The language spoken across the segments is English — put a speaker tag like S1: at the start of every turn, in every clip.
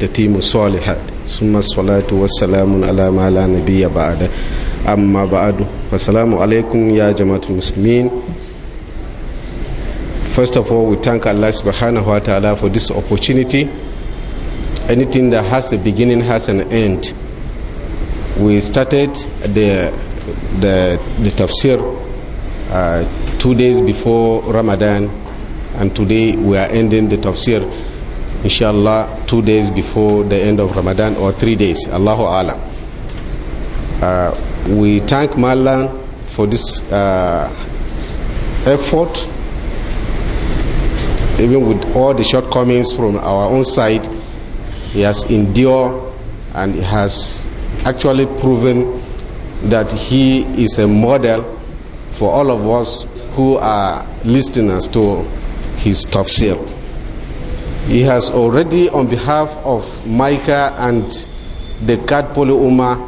S1: تتيم الصالحات ثم الصلاة والسلام على ما لا نبي بعد أما بعد فالسلام عليكم يا جماعة المسلمين First of all, we thank Allah subhanahu wa ta'ala for this opportunity. Anything that has a beginning has an end. We started the, the, the tafsir uh, two days before Ramadan, and today we are ending the tafsir inshallah two days before the end of Ramadan or three days Allahu Alam uh, we thank Malan for this uh, effort even with all the shortcomings from our own side he has endured and he has actually proven that he is a model for all of us who are listeners to his tafsir. He has already, on behalf of Micah and the God Poly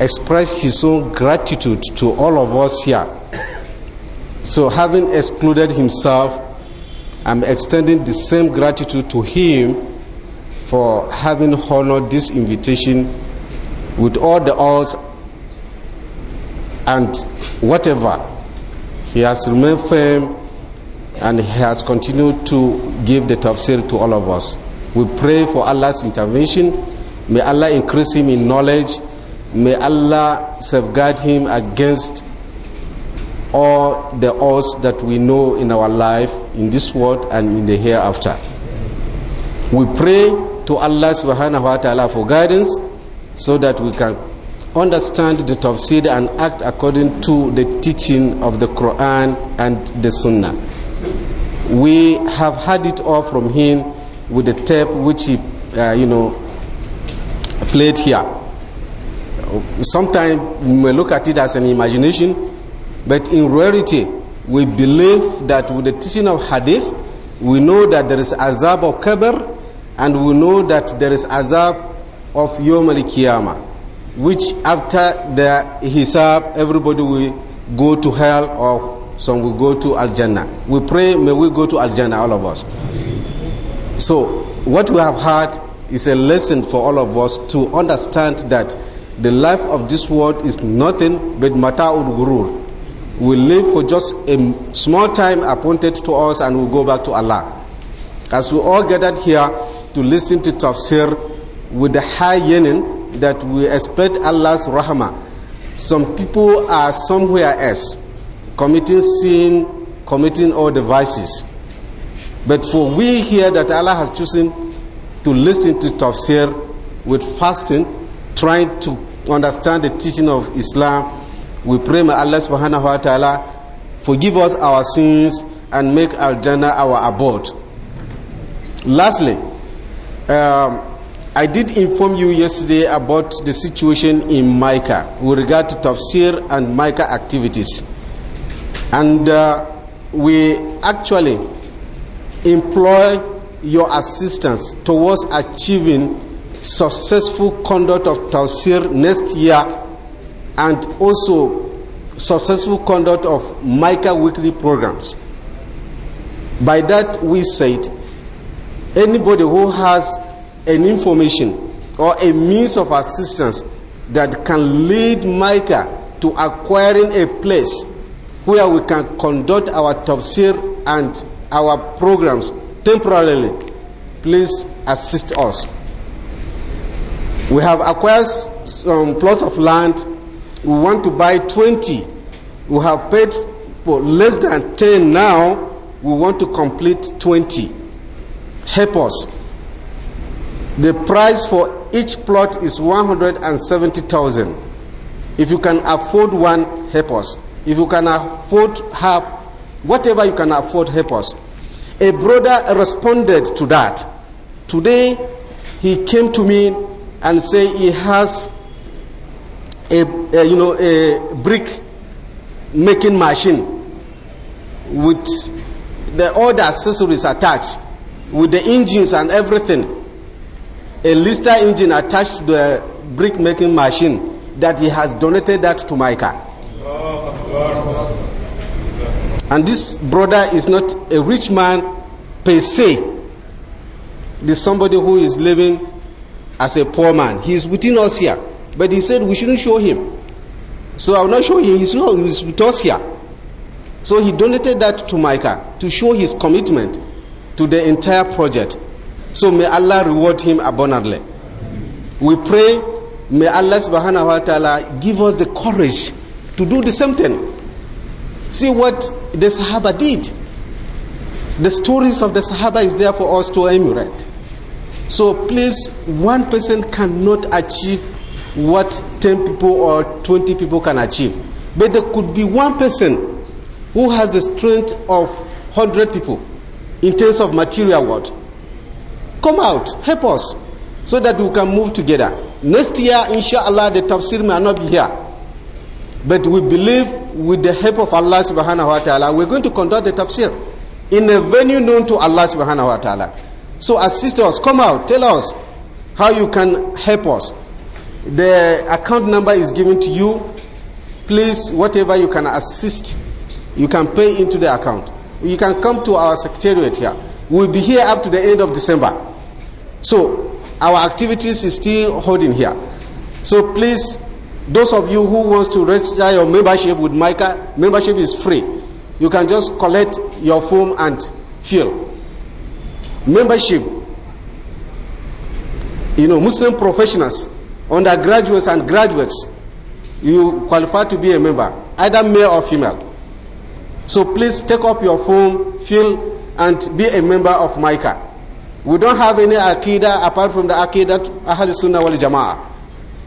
S1: expressed his own gratitude to all of us here. So, having excluded himself, I'm extending the same gratitude to him for having honored this invitation with all the odds and whatever. He has remained firm and he has continued to give the tafsir to all of us. We pray for Allah's intervention. May Allah increase him in knowledge. May Allah safeguard him against all the odds that we know in our life, in this world and in the hereafter. We pray to Allah subhanahu wa ta'ala for guidance so that we can understand the tafsir and act according to the teaching of the Quran and the Sunnah we have had it all from him with the tape which he, uh, you know, played here. Sometimes we may look at it as an imagination, but in reality, we believe that with the teaching of hadith, we know that there is azab of qabr, and we know that there is azab of yom al kiyama which after the hisab, everybody will go to hell or some will go to Al Jannah. We pray, may we go to Al Jannah, all of us. So, what we have heard is a lesson for all of us to understand that the life of this world is nothing but mata'ul gurur. We live for just a small time appointed to us and we go back to Allah. As we all gathered here to listen to tafsir with the high yearning that we expect Allah's rahmah, some people are somewhere else committing sin, committing all the vices. But for we here that Allah has chosen to listen to tafsir with fasting, trying to understand the teaching of Islam, we pray may Allah subhanahu wa ta'ala forgive us our sins and make Al Jannah our abode. Lastly, um, I did inform you yesterday about the situation in Micah with regard to tafsir and Micah activities. And uh, we actually employ your assistance towards achieving successful conduct of Tausir next year and also successful conduct of Micah weekly programs. By that, we said anybody who has an information or a means of assistance that can lead Micah to acquiring a place where we can conduct our tafsir and our programs temporarily, please assist us. We have acquired some plots of land. We want to buy 20. We have paid for less than 10 now. We want to complete 20. Help us. The price for each plot is 170,000. If you can afford one, help us. If you can afford, have whatever you can afford, help us. A brother responded to that. Today, he came to me and say he has a, a you know a brick making machine with the all the accessories attached, with the engines and everything. A lister engine attached to the brick making machine that he has donated that to my car. And this brother is not a rich man per se. This somebody who is living as a poor man. He is within us here. But he said we shouldn't show him. So I will not show him. He's not he's with us here. So he donated that to Micah to show his commitment to the entire project. So may Allah reward him abundantly. We pray, may Allah subhanahu wa ta'ala give us the courage to do the same thing. See what the Sahaba did. The stories of the Sahaba is there for us to emulate. So please, one person cannot achieve what 10 people or 20 people can achieve. But there could be one person who has the strength of 100 people in terms of material world. Come out, help us, so that we can move together. Next year, inshallah, the tafsir may not be here. But we believe with the help of Allah subhanahu wa ta'ala, we're going to conduct the tafsir in a venue known to Allah subhanahu wa ta'ala. So assist us, come out, tell us how you can help us. The account number is given to you. Please, whatever you can assist, you can pay into the account. You can come to our secretariat here. We'll be here up to the end of December. So our activities is still holding here. So please those of you who wants to register your membership with Micah, membership is free. You can just collect your form and fill. Membership. You know, Muslim professionals, undergraduates and graduates, you qualify to be a member, either male or female. So please take up your form, fill, and be a member of Micah. We don't have any akida apart from the akida Ahl Sunnah wal Jama'ah.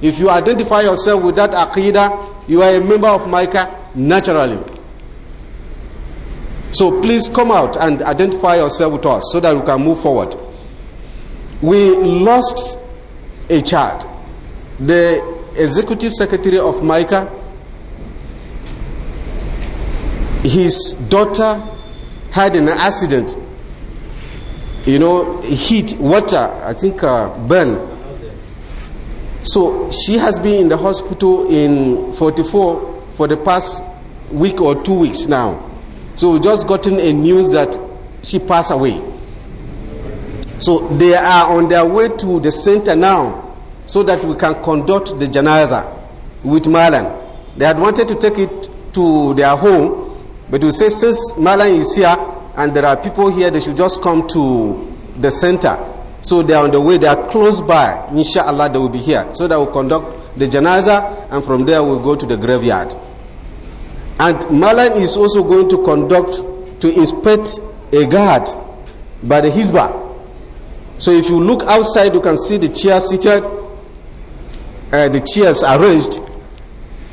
S1: If you identify yourself with that Aqidah, you are a member of Micah naturally. So please come out and identify yourself with us so that we can move forward. We lost a child. The executive secretary of Micah, his daughter had an accident. You know, heat, water, I think uh, burn so she has been in the hospital in 44 for the past week or two weeks now. So we just gotten a news that she passed away. So they are on their way to the center now so that we can conduct the janaza with Malan. They had wanted to take it to their home, but we say since Malan is here and there are people here, they should just come to the center so they are on the way, they are close by. Inshallah, they will be here. So they will conduct the janaza, and from there we'll go to the graveyard. And Malan is also going to conduct, to inspect a guard by the Hizbah. So if you look outside, you can see the chairs seated, uh, the chairs arranged,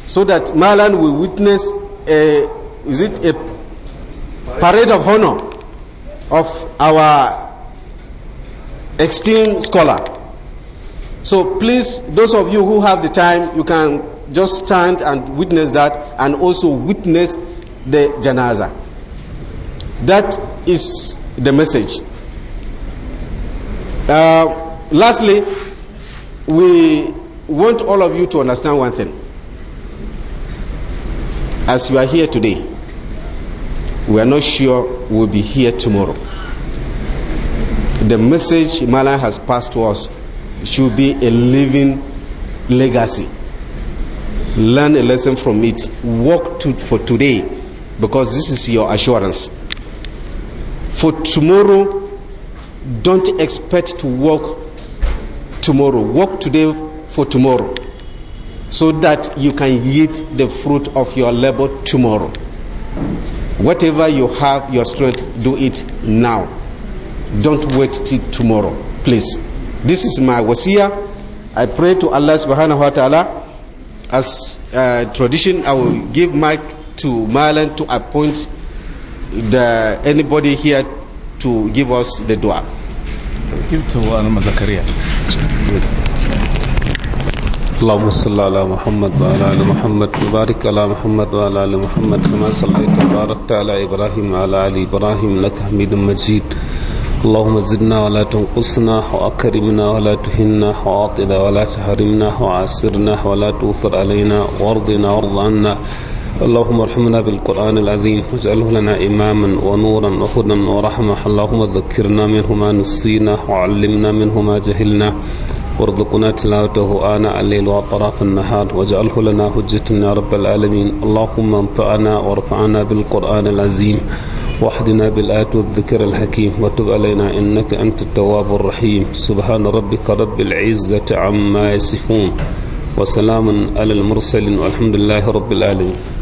S1: so that Malan will witness a, is it a parade of honor of our esteemed scholar. So please, those of you who have the time, you can just stand and witness that and also witness the janaza. That is the message. Uh, lastly, we want all of you to understand one thing. As you are here today, we are not sure we'll be here tomorrow the message Malan has passed to us should be a living legacy. Learn a lesson from it. Work to, for today because this is your assurance. For tomorrow, don't expect to work tomorrow. Work today for tomorrow so that you can yield the fruit of your labor tomorrow. Whatever you have, your strength, do it now don't wait till tomorrow, please. This is my wasiya. I pray to Allah subhanahu wa ta'ala. As uh, tradition, I will give mic to Marlon to appoint the, anybody here to give us the dua. Give to Anama Zakaria. اللهم صل على محمد وعلى ال محمد وبارك على محمد وعلى ال محمد كما صليت وباركت على ابراهيم وعلى ال ابراهيم انك حميد مجيد اللهم زدنا ولا تنقصنا وأكرمنا ولا تهنا وعاطنا ولا تحرمنا وعسرنا ولا تؤثر علينا وارضنا وارض عنا اللهم ارحمنا بالقرآن العظيم واجعله لنا إماما ونورا وهدى ورحمة اللهم ذكرنا منه ما نسينا وعلمنا منه ما جهلنا وارزقنا تلاوته آناء الليل وأطراف النهار واجعله لنا حجة يا رب العالمين اللهم انفعنا وارفعنا بالقرآن العظيم واحدنا بالآت والذكر الحكيم وتب علينا إنك أنت التواب الرحيم سبحان ربك رب العزة عما يصفون وسلام على المرسلين والحمد لله رب العالمين